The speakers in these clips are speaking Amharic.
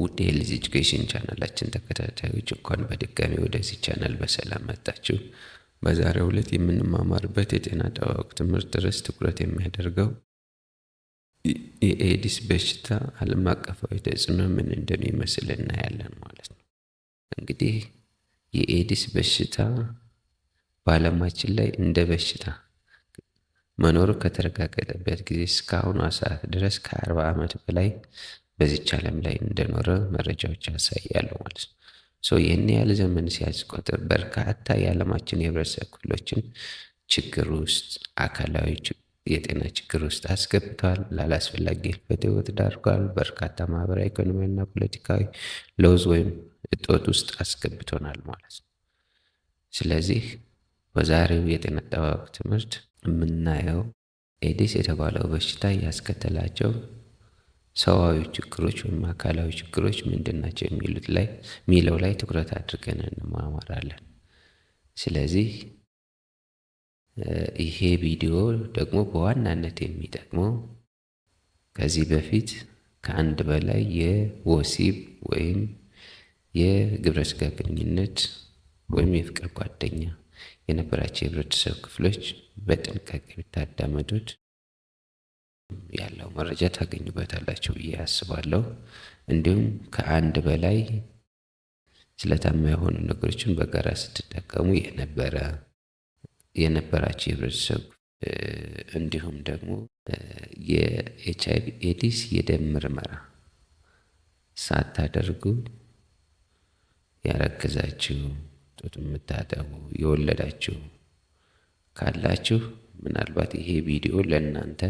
ውድ የልጅ ኤጁኬሽን ቻናላችን ተከታታዮች እንኳን በድጋሚ ወደዚህ ቻናል በሰላም መጣችሁ። በዛሬው ዕለት የምንማማርበት የጤና ጠባቅ ትምህርት ርዕስ ትኩረት የሚያደርገው የኤዲስ በሽታ ዓለም አቀፋዊ ተጽዕኖ ምን እንደሚመስል እናያለን ማለት ነው። እንግዲህ የኤዲስ በሽታ በዓለማችን ላይ እንደ በሽታ መኖሩ ከተረጋገጠበት ጊዜ እስካሁኗ ሰዓት ድረስ ከአርባ ዓመት በላይ በዚች ዓለም ላይ እንደኖረ መረጃዎች ያሳያሉ ማለት ነው። ይህን ያህል ዘመን ሲያስቆጥር በርካታ የዓለማችን የህብረተሰብ ክፍሎችን ችግር ውስጥ አካላዊ የጤና ችግር ውስጥ አስገብቷል። ላላስፈላጊ ህልፈት ህይወት ዳርጓል። በርካታ ማህበራዊ፣ ኢኮኖሚያዊና ፖለቲካዊ ለውዝ ወይም እጦት ውስጥ አስገብቶናል ማለት ነው። ስለዚህ በዛሬው የጤና አጠባበቅ ትምህርት የምናየው ኤዲስ የተባለው በሽታ ያስከተላቸው ሰዋዊ ችግሮች ወይም አካላዊ ችግሮች ምንድን ናቸው የሚሉት ላይ የሚለው ላይ ትኩረት አድርገን እንማማራለን። ስለዚህ ይሄ ቪዲዮ ደግሞ በዋናነት የሚጠቅመው ከዚህ በፊት ከአንድ በላይ የወሲብ ወይም የግብረ ስጋ ግንኙነት ወይም የፍቅር ጓደኛ የነበራቸው የህብረተሰብ ክፍሎች በጥንቃቄ ብታዳመጡት ያለው መረጃ ታገኙበታላችሁ ብዬ አስባለሁ። እንዲሁም ከአንድ በላይ ስለታማ የሆኑ ነገሮችን በጋራ ስትጠቀሙ የነበረ የነበራቸው የህብረተሰብ እንዲሁም ደግሞ የኤች አይቪ ኤዲስ የደም ምርመራ ሳታደርጉ ያረገዛችሁ፣ ጡት የምታጠቡ፣ የወለዳችሁ ካላችሁ ምናልባት ይሄ ቪዲዮ ለእናንተ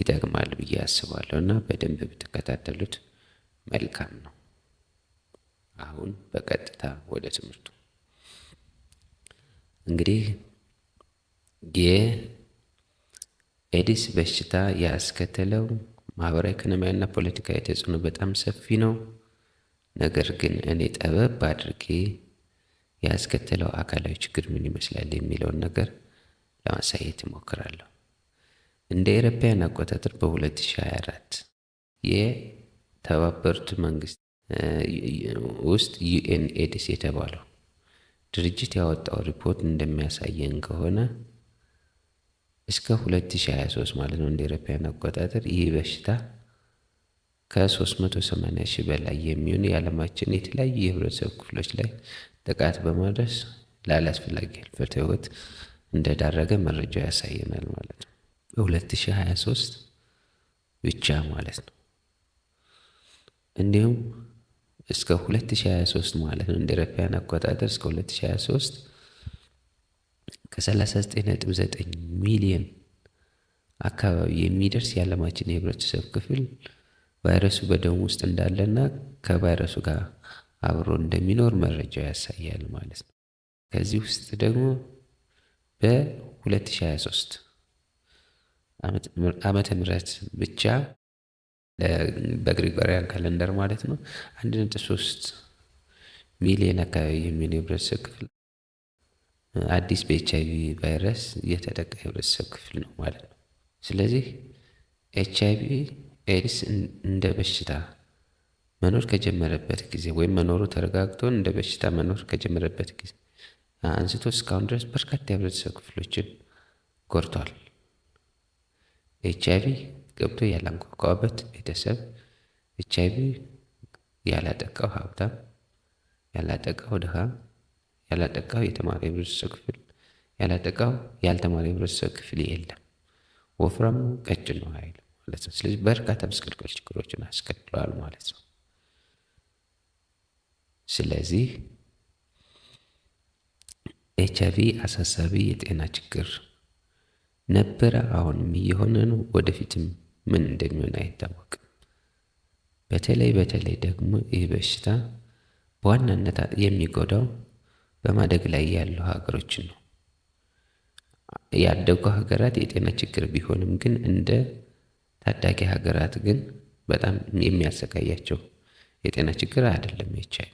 ይጠቅማል ብዬ አስባለሁ እና በደንብ ብትከታተሉት መልካም ነው። አሁን በቀጥታ ወደ ትምህርቱ እንግዲህ የኤዲስ በሽታ ያስከተለው ማህበራዊ ኢኮኖሚያዊና ፖለቲካዊ ተጽዕኖ በጣም ሰፊ ነው። ነገር ግን እኔ ጠበብ አድርጌ ያስከተለው አካላዊ ችግር ምን ይመስላል የሚለውን ነገር ለማሳየት እሞክራለሁ። እንደ ኤሮፓያን አቆጣጠር በ2024 የተባበሩት መንግስት ውስጥ ዩኤንኤድስ የተባለው ድርጅት ያወጣው ሪፖርት እንደሚያሳየን ከሆነ እስከ 2023 ማለት ነው እንደ ኤሮፓያን አቆጣጠር ይህ በሽታ ከ380 ሺህ በላይ የሚሆኑ የዓለማችን የተለያዩ የህብረተሰብ ክፍሎች ላይ ጥቃት በማድረስ ላላስፈላጊ ህልፈተ ህይወት እንደዳረገ መረጃው ያሳየናል ማለት ነው። በ2023 ብቻ ማለት ነው። እንዲሁም እስከ 2023 ማለት ነው እንደ አውሮፓውያን አቆጣጠር እስከ 2023 ከ39.9 ሚሊዮን አካባቢ የሚደርስ የዓለማችን የህብረተሰብ ክፍል ቫይረሱ በደም ውስጥ እንዳለና ከቫይረሱ ጋር አብሮ እንደሚኖር መረጃው ያሳያል ማለት ነው። ከዚህ ውስጥ ደግሞ በ2023 ዓመተ ምህረት ብቻ በግሪጎሪያን ካለንደር ማለት ነው አንድ ነጥብ ሶስት ሚሊዮን አካባቢ የሚሆን የህብረተሰብ ክፍል አዲስ በኤች አይቪ ቫይረስ የተጠቃ የህብረተሰብ ክፍል ነው ማለት ነው። ስለዚህ ኤች አይቪ ኤድስ እንደ በሽታ መኖር ከጀመረበት ጊዜ ወይም መኖሩ ተረጋግቶ እንደ በሽታ መኖር ከጀመረበት ጊዜ አንስቶ እስካሁን ድረስ በርካታ የህብረተሰብ ክፍሎችን ጎድቷል። ኤች ቪ ገብቶ ያላንኳኳበት ቤተሰብ፣ ኤች አይቪ ያላጠቃው ሀብታም፣ ያላጠቃው ድሃ፣ ያላጠቃው የተማሪ ህብረተሰብ ክፍል፣ ያላጠቃው ያልተማሪ ህብረተሰብ ክፍል የለም። ወፍራም ቀጭን ነው አይልም ማለት ነው። ስለዚህ በርካታ መስቀልቀል ችግሮችን አስከትለዋል ማለት ነው። ስለዚህ ኤች አይቪ አሳሳቢ የጤና ችግር ነበረ፣ አሁንም እየሆነ ነው። ወደፊትም ምን እንደሚሆን አይታወቅም። በተለይ በተለይ ደግሞ ይህ በሽታ በዋናነት የሚጎዳው በማደግ ላይ ያሉ ሀገሮችን ነው። ያደጉ ሀገራት የጤና ችግር ቢሆንም ግን እንደ ታዳጊ ሀገራት ግን በጣም የሚያሰቃያቸው የጤና ችግር አይደለም። ይቻል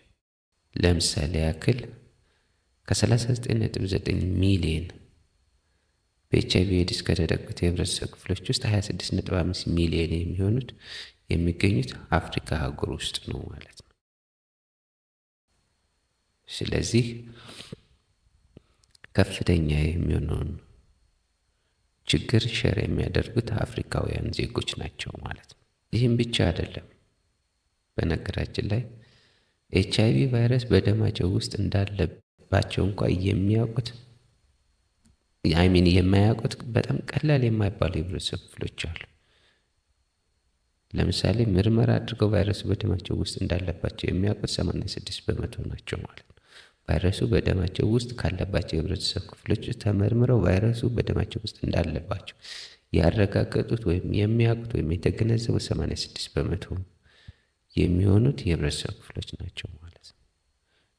ለምሳሌ ያክል ከ39.9 ሚሊዮን በኤችአይቪ ኤድስ ከተጠቁት የህብረተሰብ ክፍሎች ውስጥ 26.5 ሚሊዮን የሚሆኑት የሚገኙት አፍሪካ አህጉር ውስጥ ነው ማለት ነው። ስለዚህ ከፍተኛ የሚሆነውን ችግር ሸር የሚያደርጉት አፍሪካውያን ዜጎች ናቸው ማለት ነው። ይህም ብቻ አይደለም። በነገራችን ላይ ኤች አይቪ ቫይረስ በደማቸው ውስጥ እንዳለባቸው እንኳ የሚያውቁት አይሚን የማያውቁት በጣም ቀላል የማይባሉ የህብረተሰብ ክፍሎች አሉ። ለምሳሌ ምርመራ አድርገው ቫይረሱ በደማቸው ውስጥ እንዳለባቸው የሚያውቁት 86 በመቶ ናቸው ማለት ነው። ቫይረሱ በደማቸው ውስጥ ካለባቸው የህብረተሰብ ክፍሎች ተመርምረው ቫይረሱ በደማቸው ውስጥ እንዳለባቸው ያረጋገጡት ወይም የሚያውቁት ወይም የተገነዘቡት 86 በመቶ የሚሆኑት የህብረተሰብ ክፍሎች ናቸው ማለት ነው።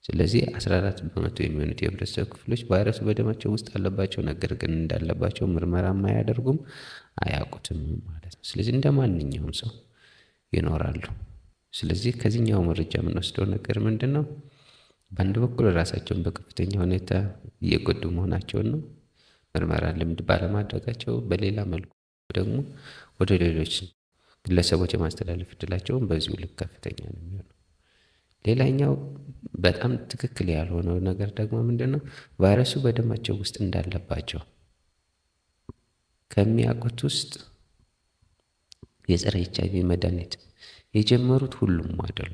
ስለዚህ 14 በመቶ የሚሆኑት የህብረተሰብ ክፍሎች ቫይረሱ በደማቸው ውስጥ አለባቸው፣ ነገር ግን እንዳለባቸው ምርመራም አያደርጉም፣ አያውቁትም ማለት ነው። ስለዚህ እንደ ማንኛውም ሰው ይኖራሉ። ስለዚህ ከዚህኛው መረጃ የምንወስደው ነገር ምንድን ነው? በአንድ በኩል ራሳቸውን በከፍተኛ ሁኔታ እየጎዱ መሆናቸውን ነው፣ ምርመራ ልምድ ባለማድረጋቸው። በሌላ መልኩ ደግሞ ወደ ሌሎች ግለሰቦች የማስተላለፍ እድላቸውን በዚሁ ልክ ከፍተኛ ነው የሚሆነው። ሌላኛው በጣም ትክክል ያልሆነው ነገር ደግሞ ምንድን ነው? ቫይረሱ በደማቸው ውስጥ እንዳለባቸው ከሚያውቁት ውስጥ የጸረ ኤች መድኃኒት የጀመሩት ሁሉም አይደሉ።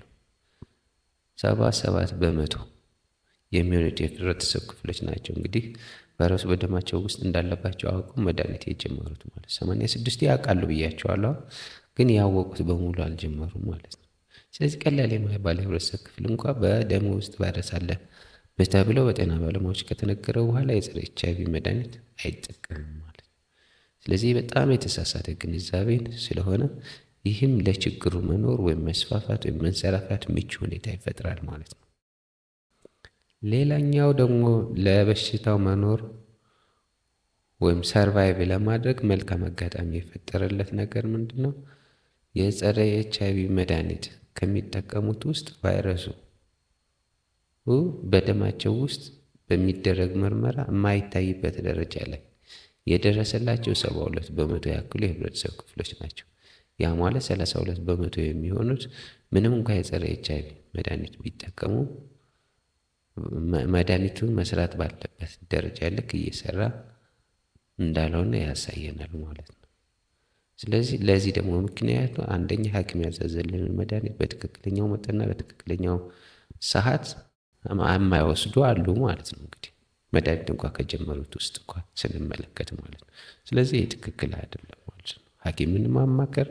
ሰባ ሰባት በመቶ የሚሆኑት የህብረተሰብ ክፍሎች ናቸው እንግዲህ ቫይረሱ በደማቸው ውስጥ እንዳለባቸው አውቀው መድኃኒት የጀመሩት ማለት ሰማንያ ስድስቱ ያውቃሉ ብያቸዋለሁ፣ ግን ያወቁት በሙሉ አልጀመሩም ማለት ነው። ስለዚህ ቀላል የማይባል የህብረተሰብ ክፍል እንኳ በደም ውስጥ ቫይረስ አለ ብሎ በጤና ባለሙያዎች ከተነገረ በኋላ የጸረ ኤች አይቪ መድኃኒት አይጠቀምም ማለት ነው። ስለዚህ በጣም የተሳሳተ ግንዛቤን ስለሆነ ይህም ለችግሩ መኖር ወይም መስፋፋት ወይም መንሰራፋት ምቹ ሁኔታ ይፈጥራል ማለት ነው። ሌላኛው ደግሞ ለበሽታው መኖር ወይም ሰርቫይቭ ለማድረግ መልካም አጋጣሚ የፈጠረለት ነገር ምንድን ነው? የጸረ ኤች አይቪ መድኃኒት ከሚጠቀሙት ውስጥ ቫይረሱ በደማቸው ውስጥ በሚደረግ ምርመራ የማይታይበት ደረጃ ላይ የደረሰላቸው ሰባ በመቶ ያክሉ የህብረተሰብ ክፍሎች ናቸው። ያ ማለት 32 በመቶ የሚሆኑት ምንም እንኳ የጸረ ኤች አይቪ መድኃኒት ቢጠቀሙ መድኃኒቱ መስራት ባለበት ደረጃ ልክ እየሰራ እንዳልሆነ ያሳየናል ማለት ነው። ስለዚህ ለዚህ ደግሞ ምክንያቱ አንደኛ ሐኪም ያዘዘልን መድኃኒት በትክክለኛው መጠንና በትክክለኛው ሰዓት የማይወስዱ አሉ ማለት ነው። እንግዲህ መድኃኒት እንኳ ከጀመሩት ውስጥ እንኳ ስንመለከት ማለት ነው። ስለዚህ ይህ ትክክል አይደለም ማለት ነው። ሐኪምን ማማከር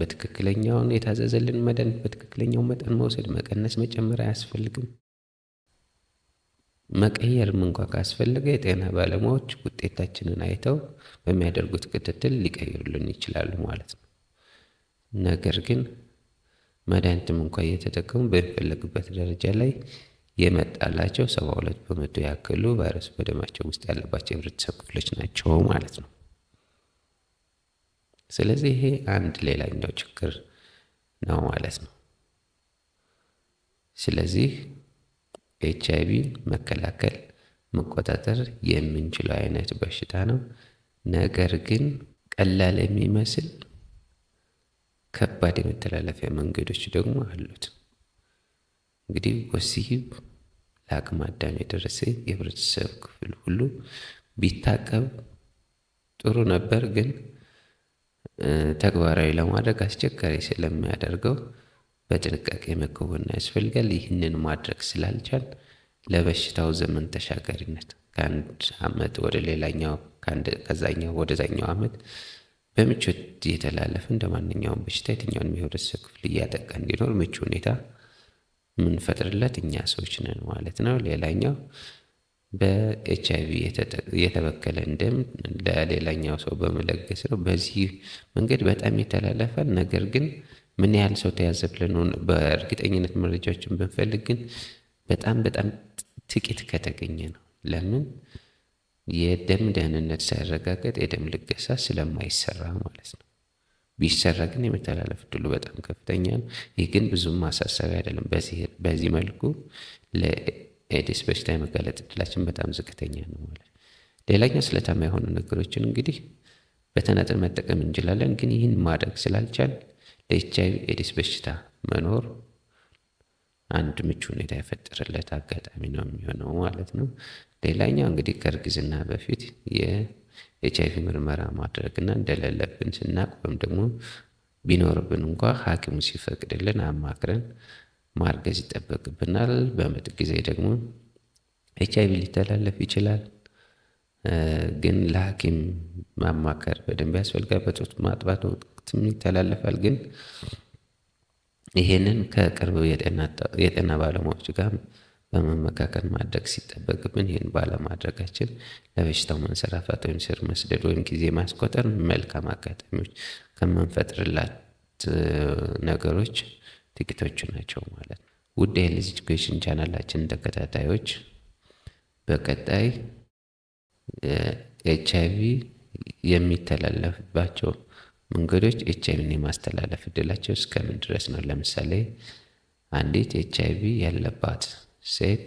በትክክለኛውን የታዘዘልን መድኃኒት በትክክለኛው መጠን መውሰድ፣ መቀነስ፣ መጨመር አያስፈልግም። መቀየርም እንኳ ካስፈለገ የጤና ባለሙያዎች ውጤታችንን አይተው በሚያደርጉት ክትትል ሊቀይሩልን ይችላሉ ማለት ነው። ነገር ግን መድኃኒትም እንኳ እየተጠቀሙ በሚፈለግበት ደረጃ ላይ የመጣላቸው ሰባ ሁለት በመቶ ያክሉ ቫይረሱ በደማቸው ውስጥ ያለባቸው የህብረተሰብ ክፍሎች ናቸው ማለት ነው። ስለዚህ ይሄ አንድ ሌላኛው ችግር ነው ማለት ነው። ስለዚህ ኤች ቪ መከላከል መቆጣጠር የምንችለው አይነት በሽታ ነው። ነገር ግን ቀላል የሚመስል ከባድ የመተላለፊያ መንገዶች ደግሞ አሉት። እንግዲህ ወሲብ ለአቅመ አዳም የደረሰ የህብረተሰብ ክፍል ሁሉ ቢታቀብ ጥሩ ነበር፣ ግን ተግባራዊ ለማድረግ አስቸጋሪ ስለሚያደርገው በጥንቃቄ መከወን ያስፈልጋል። ይህንን ማድረግ ስላልቻል ለበሽታው ዘመን ተሻጋሪነት ከአንድ ዓመት ወደ ሌላኛው ከዛኛው ወደዛኛው ዓመት በምቾት እየተላለፈ እንደ ማንኛውም በሽታ የትኛውን የህብረተሰብ ክፍል እያጠቃ እንዲኖር ምቹ ሁኔታ የምንፈጥርለት እኛ ሰዎች ነን ማለት ነው። ሌላኛው በኤች አይቪ የተበከለን ደም ለሌላኛው ሰው በመለገስ ነው። በዚህ መንገድ በጣም የተላለፈ ነገር ግን ምን ያህል ሰው ተያዘ ብለን በእርግጠኝነት መረጃዎችን ብንፈልግ ግን በጣም በጣም ጥቂት ከተገኘ ነው። ለምን የደም ደህንነት ሳይረጋገጥ የደም ልገሳ ስለማይሰራ ማለት ነው። ቢሰራ ግን የመተላለፍ እድሉ በጣም ከፍተኛ ነው። ይህ ግን ብዙም ማሳሰቢያ አይደለም። በዚህ መልኩ ለኤድስ በሽታ የመጋለጥ እድላችን በጣም ዝቅተኛ ነው ማለት ነው። ሌላኛው ስለታማ የሆኑ ነገሮችን እንግዲህ በተናጠል መጠቀም እንችላለን፣ ግን ይህን ማድረግ ስላልቻል ለኤች አይቪ ኤዲስ በሽታ መኖር አንድ ምቹ ሁኔታ የፈጠረለት አጋጣሚ ነው የሚሆነው ማለት ነው። ሌላኛው እንግዲህ ከእርግዝና በፊት የኤች አይቪ ምርመራ ማድረግና እንደሌለብን ስናቅ ወይም ደግሞ ቢኖርብን እንኳ ሐኪሙ ሲፈቅድልን አማክረን ማርገዝ ይጠበቅብናል። በምጥ ጊዜ ደግሞ ኤች አይቪ ሊተላለፍ ይችላል። ግን ለሐኪም ማማከር በደንብ ያስፈልጋል። በጡት ማጥባት ትም ይተላለፋል። ግን ይሄንን ከቅርብ የጤና ባለሙያዎች ጋር በመመካከል ማድረግ ሲጠበቅብን ይህን ባለማድረጋችን ለበሽታው መንሰራፋት ወይም ስር መስደድ ወይም ጊዜ ማስቆጠር መልካም አጋጣሚዎች ከምንፈጥርላት ነገሮች ጥቂቶቹ ናቸው ማለት ነው። ውድ የሄልዝ ኤጁኬሽን ቻናላችን ተከታታዮች በቀጣይ ኤች አይ ቪ የሚተላለፍባቸው መንገዶች ኤች አይቪን የማስተላለፍ እድላቸው እስከምን ድረስ ነው? ለምሳሌ አንዲት ኤች አይቪ ያለባት ሴት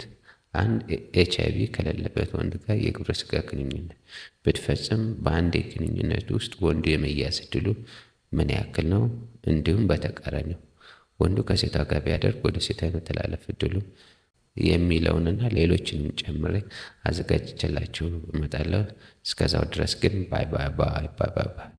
አንድ ኤች አይቪ ከሌለበት ወንድ ጋር የግብረ ስጋ ግንኙነት ብትፈጽም በአንድ ግንኙነት ውስጥ ወንዱ የመያዝ እድሉ ምን ያክል ነው? እንዲሁም በተቃራኒው ወንዱ ከሴቷ ጋር ቢያደርግ ወደ ሴቷ የመተላለፍ እድሉ የሚለውንና ሌሎችንም ጨምሬ አዘጋጅቼላችሁ እመጣለሁ። እስከዛው ድረስ ግን ባይ ባይ ባይ ባይ ባይ